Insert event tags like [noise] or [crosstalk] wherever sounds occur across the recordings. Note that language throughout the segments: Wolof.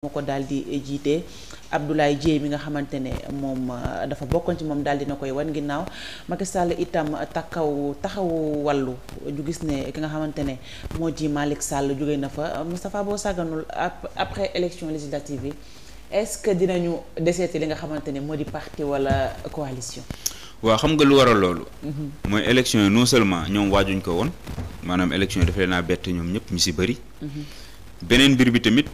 moo ko daal di jiite Abdoulaye Dièye mi nga xamante ne moom euh, dafa bokkoon ci moom daal di na koy wan ginnaaw Macky Sall itam takkaw taxawu wàllu ñu gis ne ki nga xamante ne moo ji Malick Sall jóge na fa Moustapha boo sàgganul après élection législative bi est-ce que dinañu deseeti li nga xamante ne moo di parti wala coalition. waa xam nga lu waral loolu. Mhm. mooy élection yi non seulement ñoom waajuñ ko woon maanaam élection yi daf leen a ñoom ñëpp ñu si bëri. Mhm. beneen mbir bi tamit.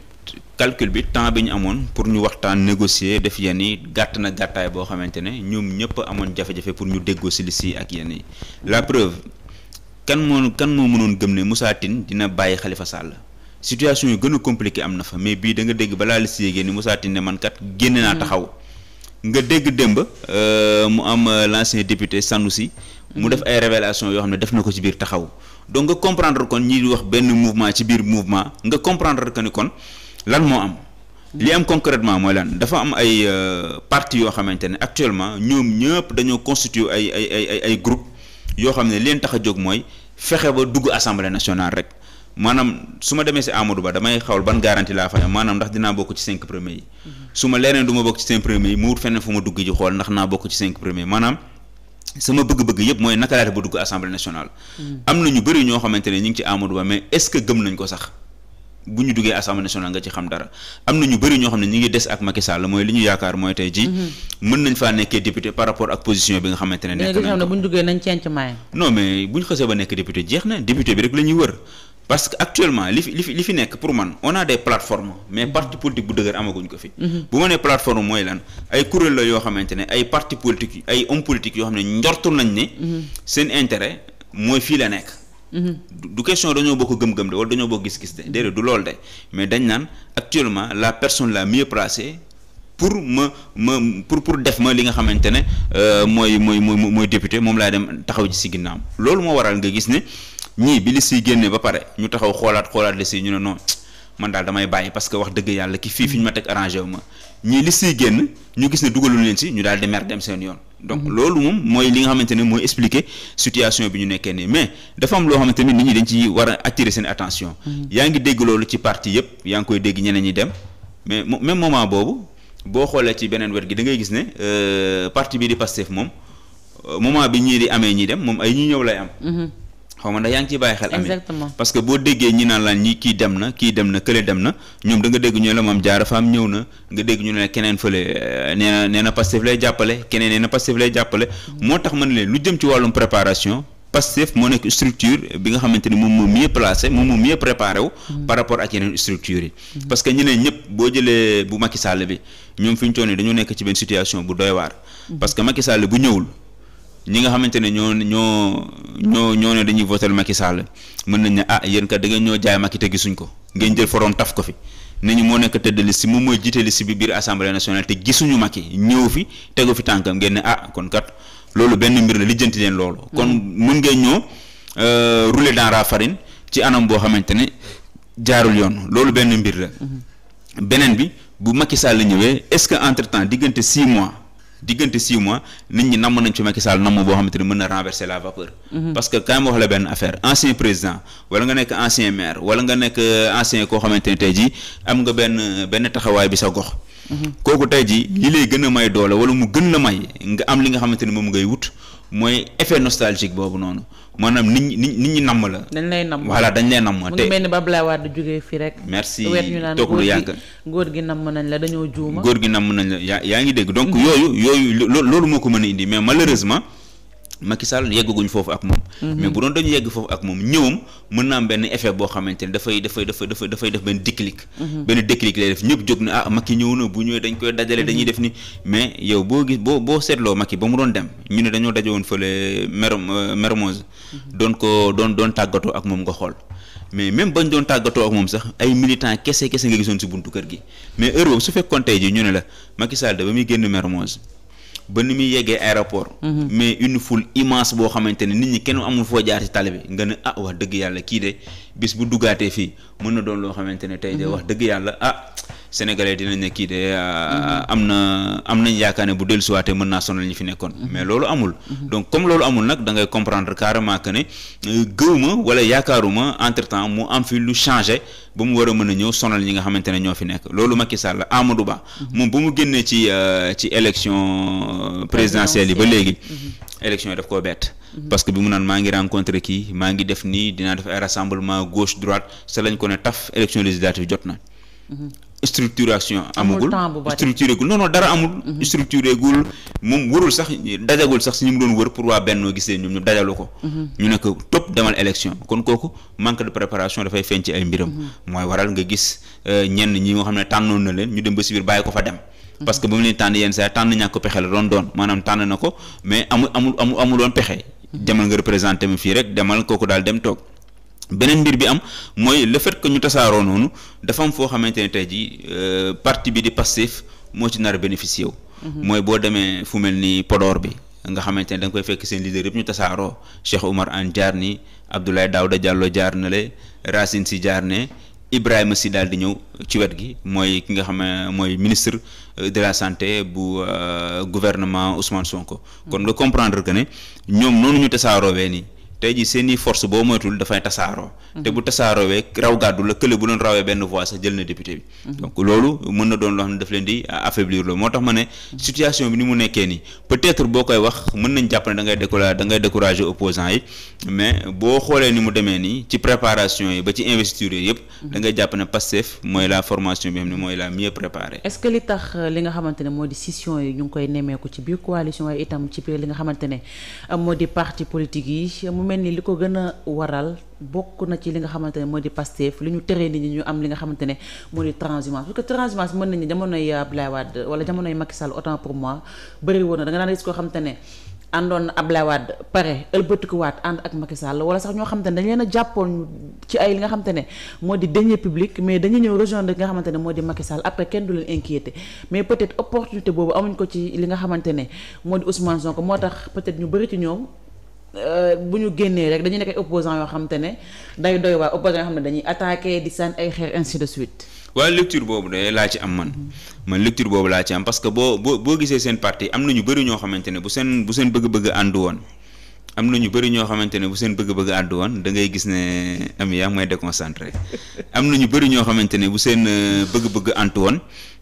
calcul bi temps bi ñu amoon pour ñu waxtaan négocier def yenn yi gàtt na gàttaay boo xamante ne ñoom ñëpp amoon jafe-jafe pour ñu déggoo si li ak yenn yi la preuve kan moo kan moo mënoon gëm ne Moussa Tine dina bàyyi Khalifa Sall situation yu gën a compliqué am na fa mais bii da nga dégg balaa li si yéegee ni Moussa ne man kat génne naa mm. taxaw nga dégg démb euh, mu am euh, l'ancien député si mu mm. def ay révélation yoo xam ne def na ko ci biir taxaw donc nga comprendre kon ñi wax benn mouvement ci biir mouvement nga comprendre que ni kon lan moo am li am concrètement mooy lan dafa am ay euh, parti yoo xamante ne actuellement ñoom ñëpp dañoo constituer ay ay ay ay ay groupe yoo xam ne leen tax a jóg mooy fexe ba dugg assemblée nationale rek maanaam su ma demee si Amadou Ba damay xawal ban garantie laa fa maanaam ndax dinaa bokk ci cinq premiers yi mhm. su ma leneen du ma bokk ci cinq premiers yi mu wut feneen fu ma dugg ji xool ndax naa bokk ci cinq premiers maanaam sama bëgg-bëgg yëpp mooy naka laa def ba dugg mhm. na ñu bëri ñoo xamante ne ñu ngi ci Amadou Ba mais est-ce que gëm nañ ko sax bu ñu duggee assemblée nationale nga ci xam dara am na ñu bëri ñoo xam ne ñu ngi des ak Macky mooy li ñu yaakaar mooy tey ji mhm. mën nañ faa nekkee député par rapport ak position bi nga xamante ne nekk nañ ko bu ñu duggee nañ cenc maay non mais député bi rek la ñuy wër parce que actuellement li fi li fi li fi nekk pour man on a des plateformes mais parti politique bu dëgër amaguñ ko fi. Mhm. bu ma nee plateforme mooy lan ay kuréel la yoo xamante ne ay parti politique ay homme politique yoo xam ne njortu nañ ne. Mhm. seen intérêt mooy fii la nekk. du question dañoo bokk gëm-gëm de wala dañoo bokk gis-gis de déedéet du loolu de mais dañ naan actuellement la personne la mieux placée pour ma ma pour pour def ma li nga xamante ne euh, mooy mooy mooy mooy député moom laa dem taxaw ci si ginnaaw loolu moo waral nga gis ne ñii bi li siy génnee ba pare ñu taxaw xoolaat xoolaat li si ñu ne non man daal damay bàyyi parce que wax dëgg yàlla ki fii fi ñu ma teg arrangé wu ma ñii liste yi génn ñu gis ne dugaluñ leen si ñu daal di mer dem seen yoon. donc mhm. loolu moom mooy li nga xamante ne mooy expliquer situation bi ñu nekkee nii mais dafa am loo xamante ni nit ñi dañ ci war a attirer seen attention. Mhm. yaa ngi dégg loolu ci parti yëpp yaa ngi koy dégg ñeneen ñi dem mais même moment boobu boo xoolee ci beneen wet gi dangay gis ne euh, parti bi di Pastef moom euh, moment bi ñii di amee ñii dem moom ay ñi ñëw lay am. Mhm. xaw ma ndax yaa ngi ciy bàyyi xel. exactement parce que boo déggee ñi naan laan ñi kii dem na kii dem na kële dem na ñoom da nga dégg ñu ne la moom jaara faam ñëw na nga dégg ñu ne keneen fële euh, nee na nee na lay jàppale keneen nee na Pastef lay jàppale. moo tax man leen lu jëm ci wàllum préparation. Pastef moo nekk structure bi nga xamante ni moom moo mieux placé moom moo mieux préparé wu. par rapport ak yeneen structure yi. parce que ñeneen ñëpp boo jëlee bu Macky Sall bi ñoom fi ñu toll nii dañoo nekk ci benn bu doy parce que Macky Sall bu ñëwul. ñi nga xamante ne ñoo ñoo ñoo ñoo ne dañuy voter Macky Sall mën nañ ne ah yéen kat da ngeen ñoo jaay Macky te gisuñ ko ngeen jël forom taf ko fi ne ñu moo nekk tëdd si moom mooy jiite liste bi biir assemblée nationale te gisuñu Macky ñëw fi tegu fi tànkam ngeen ne ah kon kat loolu benn mbir la lijjanti leen loolu. kon mun ngeen ñoo euh, rouler dans la farine ci anam boo xamante ne jaarul yoon loolu benn mbir la. Mhm. beneen bi bu Macky Sall ñëwee est-ce que entre diggante six mois. diggante six mois nit ñi namm nañ ci Macky Sall namm boo xamante ni mën na renverser la vapeur. Mhm. parce que quand ma wax la benn affaire ancien président wala nga nekk ancien maire wala nga nekk euh, ancien koo xamante ni tey jii am nga benn benn taxawaay bi sa gox. Mhm. kooku tey jii li lay gën a may doole wala mu gën la may nga am li nga xamante ni moom ngay wut mooy effet nostalgique boobu noonu. maanaam nit ñi nit ñi namm la. dañ lay namm voilà dañ lay namm te mu ngi mel ni ba Abdoulaye Wade jógee fii rek. merci toog lu yàgg góor gi namm nañ la dañoo juuma. góor gi namm nañ la yaa yaa ngi dégg donc mhm. yooyu yooyu loolu moo ko mën a indi mais malheureusement. Macky Sall yeggaguñ foofu ak moom. Mhm. mais bu doon dañu yegg foofu ak moom ñëwam mën na am benn effet boo xamante ne dafay dafay dafay dafay dafay def benn déclic. Mhm. benn déclic lay def ñëpp jóg na ah Macky ñëw na bu ñëwee dañ koy dajale dañuy mhm. def ni mais yow boo gis boo boo seetloo Macky ba mu doon dem ñu ne dañoo daje woon fële euh, Mermoz doon ko doon doon tàggatoo ak moom nga xool. mais même bañ doon tàggatoo ak moom sax ay militants kese kese nga gisoon si buntu kër gi mais heure su fekkoon tey ji ñu ne la Macky Sall ba muy génn Mermoz ba ni muy yeggee aéroport. Mhm. mais une foule immense boo xamante ne nit ñi kenn amul foo jaar ci tali bi nga ne ah wax dëgg yàlla kii de bis bu duggaatee fii mën na doon loo xamante ne tey de mhm. wax dëgg yàlla ah sénégalais dinañ ne kii de ah, mhm. am na am nañ yaakaar ne bu dellusiwaatee mën naa sonal ñi fi nekkoon. mais loolu amul. donc comme loolu amul nag da ngay comprendre carrément que ne euh, gëwuma wala yaakaaruma entre temps mu am fi lu changé. ba mu war a mën a ñëw sonal ñi nga xamante ne ñoo fi nekk loolu Macky Sall Amadou Ba mhm. moom bu mu génnee ci euh, ci élection euh, présidentielle yi ba léegi mhm. élection yi daf koo bett mhm. parce que bi mu naan maa ngi rencontré kii maa ngi def nii dinaa def ay rassemblement gauche droite sa lañ ko ne taf élection législative jot na structuration amagul structuré gul non non dara amul mhm. structuré gul moom wërul sax dajagul sax si ñu mu doon wër pour waa Benno gisee ñoom ñu dajalu ko mhm. ñu ne ko topp demal élection kon kooku manque de préparation dafay feeñ ci ay mbiram mhm. mooy waral nga gis euh, ñenn ñi nga xam ne tànnoon na leen ñu dem ba si biir bàyyi ko fa dem parce que ba mu leen tànn yenn saa tànn ñàkk pexe la doon doon maanaam tànn na ko mais amul amul amul amuloon pexe demal nga représenté mu fii rek demal kooku daal dem toog beneen mbir bi am mooy le fait que ñu tasaaroo noonu dafa am foo xamante ne tey jii euh, parti bi di Pastef moo ci nar a wu. Mhm. mooy boo demee fu mel ni podoor bi nga xamante ne da nga koy fekk seen leader yëpp ñu tasaaroo Cheikh Oumar Anne jaar nii Abdoulaye Daouda jàlloo jaar na le Racine Sy jaar ne Ibrahima si daal di ñëw ci wet gi mooy ki nga xam mooy ministre euh, de la santé bu euh, gouvernement Ousmane Sonko. Mhm. kon nga comprendre que ne ñoom noonu ñu tasaaroowee nii. tey jii seen i force boo moytul dafay tasaaroo mhm. te bu tasaaroowee raw gàddu la kële bu doon rawee benn voix sax jël na député bi mhm. donc loolu mën na doon loo xam ne daf leen di affaiblir loolu moo tax ma ne mhm. situation bi ni mu nekkee nii peut-être boo koy wax mën nañ jàpp ne da ngay découragé da ngay découragé opposants yi mais boo xoolee ni mu demee nii ci préparation yi ba ci investiture yi yëpp da ngay jàpp ne Pastef mooy la formation bi xam ne mooy la mieux préparée est-ce que li tax euh, li nga xamante ne moo di yi ñu koy nemmeeku ci biir coalition yi mel ni li ko gën a waral bokk na ci li nga xamante ne moo di Pastef li ñu tere nit ñi ñu am li nga xamante ne moo di transhumance parce mën nañu jamonoy Abdoulaye wala jamonoy Macky Sall autant pour moi bëri na da nga daan gis koo xamante ne àndoon Abdoulaye Wade pare ëlbatikuwaat ànd ak Macky Sall wala ñoo xamante ne dañ leen a jàppoon ci ay li nga xamante ne moo di deniers publics mais dañu ñëw rejoindre li nga xamante ne moo di Macky Sall après kenn du leen inquiété mais peut-être opportunité boobu amuñ ko ci li nga xamante ne moo di Ousmane Sonko moo tax peut-être ñu bëri ci ñëw Euh, bu ñu génnee rek dañu nekk ay opposants yoo xam ne day waa opposants yoo dañuy attaqué di sànni ay xeer ainsi de suite. waaye lecture boobu de laa ci am man man lecture boobu laa ci am parce que boo boo boo gisee seen parti am na ñu bëri ñoo xamante ne bu seen bu seen bëgg-bëgg àndu woon am na ñu bëri ñoo xamante ne bu seen bëgg-bëgg àndu woon da ngay gis ne am yaa mooy déconcentré am na ñu bëri ñoo xamante ne bu seen euh, bëgg-bëgg àndu woon.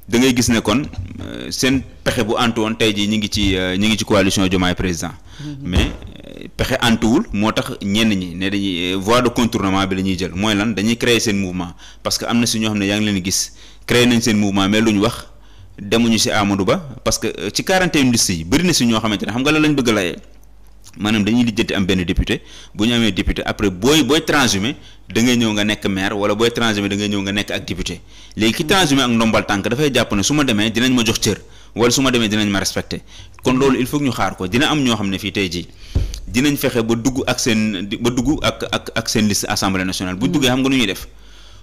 da ngay gis ne kon euh, seen pexe bu antu woon tey jii ñi ngi ci euh, ñi ngi ci coalition Diomaye président mm-hmm. mais euh, pexe antuwul moo tax ñenn ñi ne dañuy voie de contournement bi la ñuy jël mooy lan dañuy créer seen mouvement parce que am na si ñoo xam ne yaa ngi leen gis créer nañ seen mouvement mais lu ñu wax demuñu si Amadou Ba parce que ci 41 listes yi bëri na si ñoo xamante ne xam nga la lañ bëgg layee maanaam dañuy lijjanti am benn député bu ñu amee député après booy booy transhumé da ngay ñëw nga nekk maire wala booy transhumé da ngay ñëw nga nekk ak député léegi ki hmm. transhumé ak ndombal tànk dafay jàpp ne su ma demee dinañ ma jox cër wala su ma demee dinañ ma respecté kon loolu il faut ñu xaar ko dina am ñoo xam ne fii tey jii dinañ fexe ba dugg ak seen ba dugg ak ak ak seen liste assemblée nationale bu duggee xam nga nu ñuy def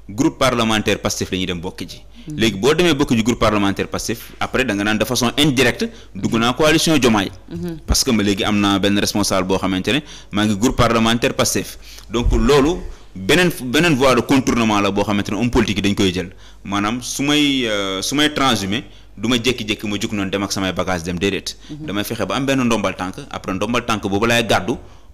groupe parlementaire Pastef la ñuy dem bokk ji. Mm. léegi boo demee bokk ji groupe parlementaire Pastef après da nga naan de façon indirecte dugg naa coalition Diomaye. Mm-hmm. parce que ma léegi am na benn responsable boo xamante ne maa ngi groupe parlementaire Pastef donc loolu. beneen beneen voie de contournement la boo xamante ne homme politique yi dañ koy jël maanaam su may euh, su may transhumé du ma jekki jékki ma jug noonu dem ak samay bagage dem déedéet. Mm-hmm. damay fexe ba am benn ndombal tànk après ndombal tànk boobu laay gàddu.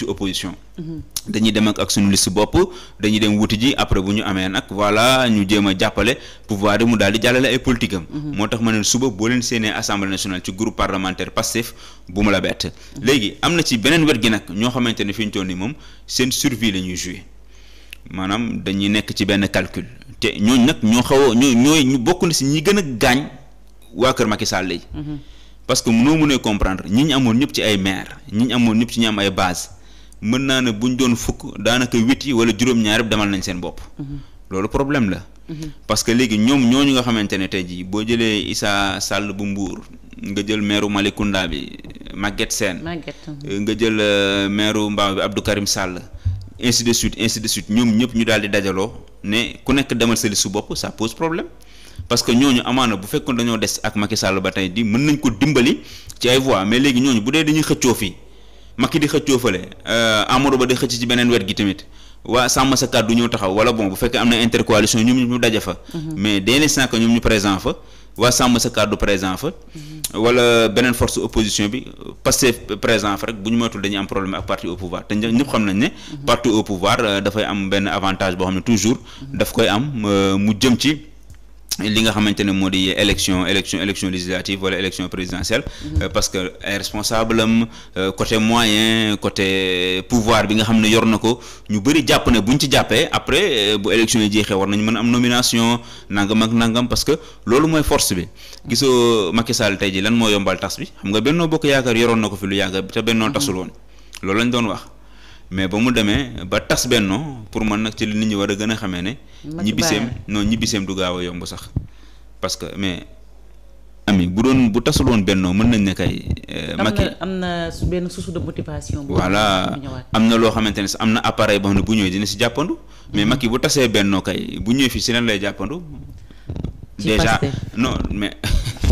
ci opposition dañuy dem ak ak suñu liste bopp dañuy dem wuti ji après bu ñu amee nag voilà ñu jéem a jàppale pouvoir bi mu daal di jàllale ay politique mhm. moo tax ma ne suba boo leen seenee assemblée nationale ci groupe parlementaire Pastef bu ma la bett léegi am na ci beneen wet gi nag ñoo xamante ne fi ñu toll nii moom seen survie la ñuy joué maanaam dañuy nekk ci benn calcul te ñooñ nag ñoo xawoo a ñoo ñooy ñu bokk na si ñi gën a gaañ waa kër Macky Sall yi mhm. parce que mënoo mënee comprendre ñi ñu amoon ñëpp ci ay maire ñi ñu amoon ñëpp ci ñu am ay base mën naa ne bu ñu doon fukk daanaka huit yi wala juróom-ñaar demal nañ seen bopp. Mhm. loolu problème la. Mhm. parce que léegi ñoom ñooñu nga xamante ne tey jii boo jëlee Issa Sall bu Mbour nga jël meeru Malicounda bi Maguette Sène. Mhm. Euh, nga jël euh, meeru Mbao bi Abdou Karim Sall. ainsi de suite ainsi de suite ñoom ñëpp ñu daal di dajaloo ne ku nekk demal sa liste su bopp ça pose problème parce que ñooñu amaana bu fekkoon dañoo des ak Macky Sall ba tey di mën nañ ko dimbali ci ay mais léegi ñooñu bu dee dañuy xëccoo fii. Macky di xëccoo fële euh, Amadou Ba di xëcc ci beneen wet gi tamit waa sàmm sa kàddu ñëw taxaw wala bon bu fekkee am na intercoalition ñoom ñu daje fa. Mhm. mais dès l'instant que ñoom ñu présent fa. waa sàmm sa kàddu présent fa. Mhm. wala beneen force opposition bi passé présent fa rek bu ñu moytul dañuy am problème ak parti au pouvoir te ñëpp xam nañ ne. Mhm. parti au pouvoir euh, dafay am benn avantage boo xam ne toujours daf koy am euh, mu jëm ci. li nga xamante ne moo di élection élection élection législative wala élection présidentielle mhm. euh, parce que ay responsable am euh, côté moyen côté pouvoir bi nga xam ne yor na ko ñu bëri jàpp ne buñ ci jàppee après euh, bu élection yi jeexee war nañu mën am nomination nangam ak nangam parce que loolu mooy force bi gisoo Macky Sall tey ji lan moo yombal tas bi xam nga Benno Bokk Yaakaar yoroon na ko fi lu yàgg te Benno mhm. tasul woon loolu lañu doon wax mais ba mu demee ba tas benno pour man nag ci li nit ñi war a gën a xamee ne. ñibbiseem non ñibbiseem du gaaw a yomb sax parce que mais. ami bu doon bu tasul woon bennoo mën nañ ne kay. Eh, Macky am na am na benn source de motivation. voilà am na loo xamante ne am na appareil boo xam bu ñëwee dina si jàppandu mais mhm. Macky bu tasee bennoo kay bu ñëwee fii si lan lay jàppandu. déjà non mais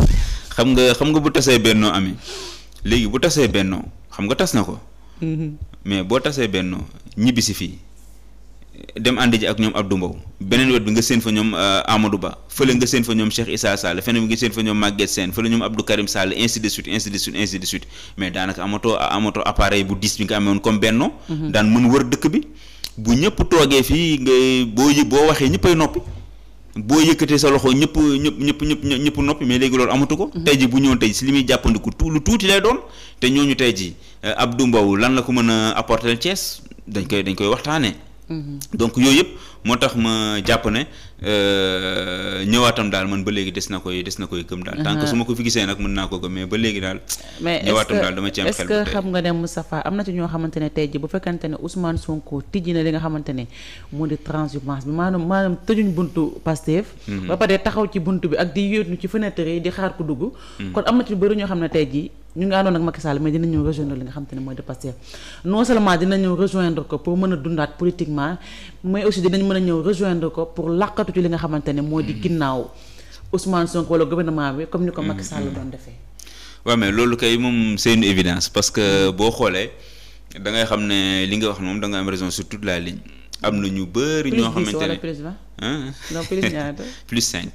[laughs] xam nga xam nga bu tasee bennoo ami léegi bu tasee bennoo xam nga tas na ko. mais boo tasee benn ñibbi si fii dem ànd ji ak ñoom Abdou Mbow beneen wet bi nga seen fa ñoom euh, Amadou Ba fële nga seen fa ñoom Cheikh Issa Sall feneen bi nga seen fa ñoom Maguette Sène fële ñoom Abdou Karim Sall ainsi de suite ainsi de suite ainsi de suite mais daanaka amatoo amatoo appareil bu diis bi nga amoon comme benno mhm. daan mën wër dëkk bi bu ñëpp toogee fii ngay boo boo waxee ñëppay noppi. boo yëkkatee sa loxo ñëpp ñëpp ñëpp ñëpp ñëpp noppi mais léegi loolu amatu ko mm-hmm. tey bu ñëwoon tey si li muy jàppandiku tu lu tuuti lay doon te ñooñu tey ji ab Mbow lan la ko mën a apporter Thiès dañ koy dañ koy waxtaanee Mm-hmm. donc yooyu yëpp moo tax ma jàpp ne euh, ñëwaatam daal man ba léegi des na koy des na koy gëm daal. tant que mm-hmm. su ma ko fi gisee nag mën naa ko gëm mais ba léegi daal. ñëwaatam daal dama ci am xel bu tey est-ce que xam nga ne Moustapha am na ci ñoo xamante ne tey ji bu fekkante ne Ousmane Sonko tijji na li nga xamante ne moo di transhumance bi maanaam maanaam tëjuñ buntu Pastef. Mm-hmm. ba pare taxaw ci bunt bi ak di yóotu ci fenêtre yi di xaar ku dugg. kon am na ci bëri ñoo xam ñu ngi àndoon ak Macky Sall mais dinañu rejoindre li nga xam te ne mooy de Pastef non seulement dinañu rejoindre ko pour mën a dundaat politiquement mais aussi dinañ mën a ñëw rejoindre ko pour làqatu ci li nga xamante ne moo di mm-hmm. ginnaaw Ousmane Sonko wala gouvernement bi comme ni ko Macky Sall mm-hmm. doon defee. waaw mais loolu kay moom c'est une évidence parce que mm-hmm. boo xoolee da ngay xam ne li nga wax moom da nga am raison surtout toute la ligne am na ñu bëri. ñoo xamante ne plus dix wala [laughs] plus cinq.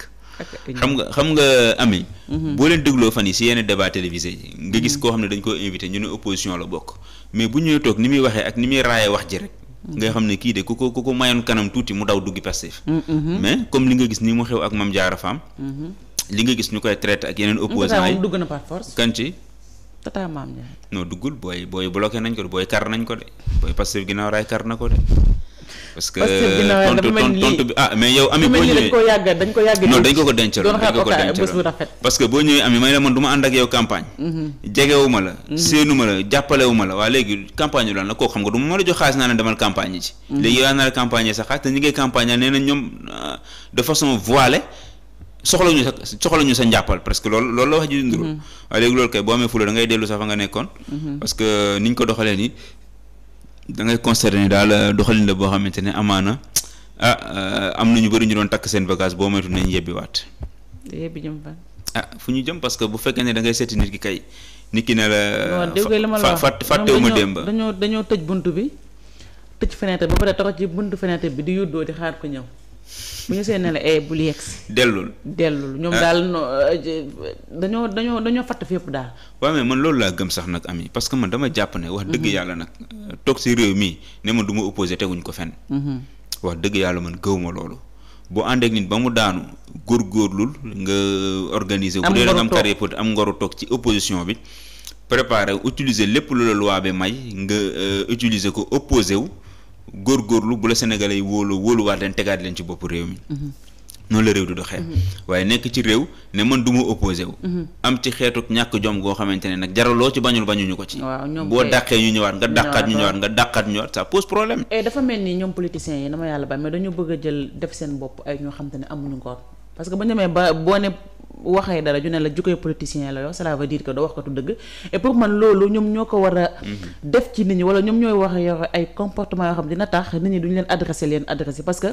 xam nga xam nga ami mhm. boo leen dégloo fan yi si yenn débat télévisé yi nga gis mhm. koo xam ne dañ ko invité ñu ne opposition la bokk mais bu ñuy toog ni muy waxee ak ni muy raayee wax ji rek mhm. ngay xam ne kii de ku ko ku ko mayoon kanam tuuti mu daw duggi Pastef mm, mais comme li nga gis ni mu xew ak Mame Diarra Fam li nga gis ñu koy traité ak yeneen opposants yi dugg na par force kan ci tata Mame Diarra non duggul booy booy bloqué nañ ko de booy kar nañ ko de booy Pastef ginnaaw raay kar na ko parce que tontu tontu bi ah mais yow ami boo ñëwee dañ ko yàgg dañ ko yàgg non dañ ko ko dañ ko ko parce que boo ñëwee ami may la man du ma ànd ak yow campagne mhm. jegewuma la mhm. séenuma la jàppalewuma la waa léegi campagne yu lan la koo xam nga du ma la jox xaalis naa demal campagne yi ci mhm. léegi yow yaa naa la na ñoom euh, de façon voilée soxla ñu sa soxla ñu sa njàppal presque loolu loolu la wax ji dunduru waaye léegi loolu kay boo amee fula da dellu sax fa nga nekkoon parce que niñ ko doxalee nii da ngay constater daal euh, doxalin la boo xamante ne amaana ah euh, am na ñu bëri ñu doon takk seen bagage boo moytu nañ waat yebbi jëm fan. ah fu ñu jëm parce que bu fekkee ne da ngay seeti nit ki kay. nit ki ne la. fa fàttewuma démb dañoo dañoo tëj bunt bi tëj fenêtre ba pare taxaw ci bunt fenêtre bi di yuddoo di xaar ko ñëw. bu ñu seen ne la eh bul yegsi. dellul dellul ñoom ah. daal dañoo dañoo dañoo fatt fépp daal. waaw mais man loolu laa gëm sax nag ami parce que man dama jàpp ne wax dëgg mhm. yàlla nag toog si réew mii ne ma du ma opposé teguñ ko fenn. Mhm. wax dëgg yàlla man gëw ma loolu. boo ànd ak nit ba mu daanu góorgóorlul nga organiser. am bu dee da nga am carré toog ci opposition bi. préparer utiliser lépp lu la loi bi may nga euh, utiliser ko opposé wu. góorgóorlu bu la sénégalais yi wóolu wóoluwaat leen tegaat leen ci bopp réew mi mhm. noonu la réew du doxee mhm. waaye nekk ci réew ne man du ma opposé mhm. am ci xeetu ñàkk jom goo xamante ne nag jaraloo ci bañul bañuñu ko ci boo dàqee ñu ñëwaat nga dàqaat ñu ñëwaat nga dàqaat ñu ñëwaat ça pose problème eh, dafa mel ni ñoom politiciens yi na ma yàlla ba mais dañu bëgg a jël def seen bopp ay ñoo xam te ne amuñu ngor parce que bu ñu boo ne waxee dara ju ne la jukkoy politicien la yow cela veut dire que wax ko dëgg et pour man loolu ñoom ñoo ko war mhm. def ci nit ñi wala ñoom ñooy wax yor ay comportement yoo xam dina tax nit ñi duñu leen adressé leen adressé parce que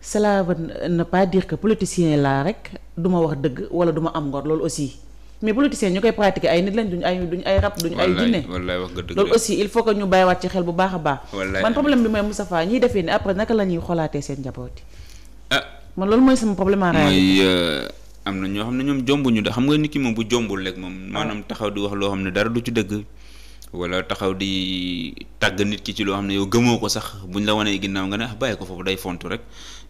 cela veut ne pas dire que politicien laa rek du ma wax dëgg wala du ma am ngor loolu aussi mais politiciens ñu koy pratiquer ay nit lañ duñ ay duñ ay rab loolu aussi il faut que ñu bàyyiwaat ci xel bu baax a baax man problème bi mooy Moustapha ñiy defee ne après naka la xolaatee seen njaboot ah. man loolu en am na ñoo xam ne ñoom jombuñu de xam nga nit ki moom bu jombul rek moom ah. maanaam taxaw di wax loo xam ne dara du ci dëgg wala taxaw di tàgg nit ki ci loo xam ne yow gëmoo ko sax bu ñu la wanee ginnaaw nga ne ah bàyyi ko foofu day font rek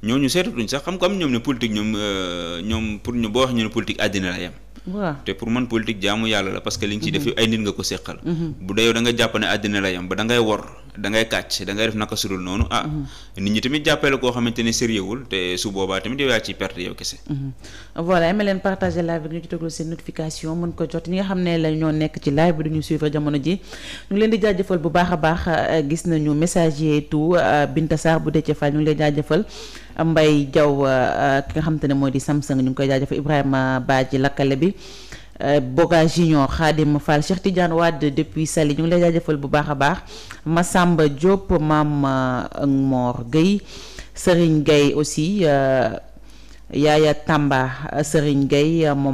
ñooñu seetatuñ sax xam ko am ñoom ne politique ñoom euh, ñoom pour ñu boo wax ñu ne politique àddina la yem waaw te pour man politique jaamu yàlla la parce que li nga ciy def mm-hmm. ay nit nga ko séqal mm-hmm. bu dee yow da nga jàpp ne àddina la yem ba da ngay da ngay kàcc da ngay def naka sudul noonu ah mhm. nit ñi tamit jàppale la koo xamante ne sérieuxwul te su boobaa tamit yow yaa ciy perte yow kese mhm. voilà ma leen partager live bi ñu ci seen notification mën ko jot ñi nga xam ne la ñoo nekk ci live bi duñu suivre jamono ji ñu ngi leen di jaajëfal bu baax a baax euh, gis nañu message yi tout euh, Binta Sarr bu dee ci Fall ñu ngi lay jaajëfal Mbaye Diaw euh, ki nga xam te ne mooy di Samsung ñu ngi koy jaajëfal Ibrahima Badji lakkale bi Euh, Boga Junior Khadim Fall Cheikh Tidiane Wade depuis Saly ñu ngi lay jaajëfal bu baax a baax Massamba Diop maam Ngmor Gueye Serigne Gueye aussi euh, Yaaya Tamba Serigne Gueye moom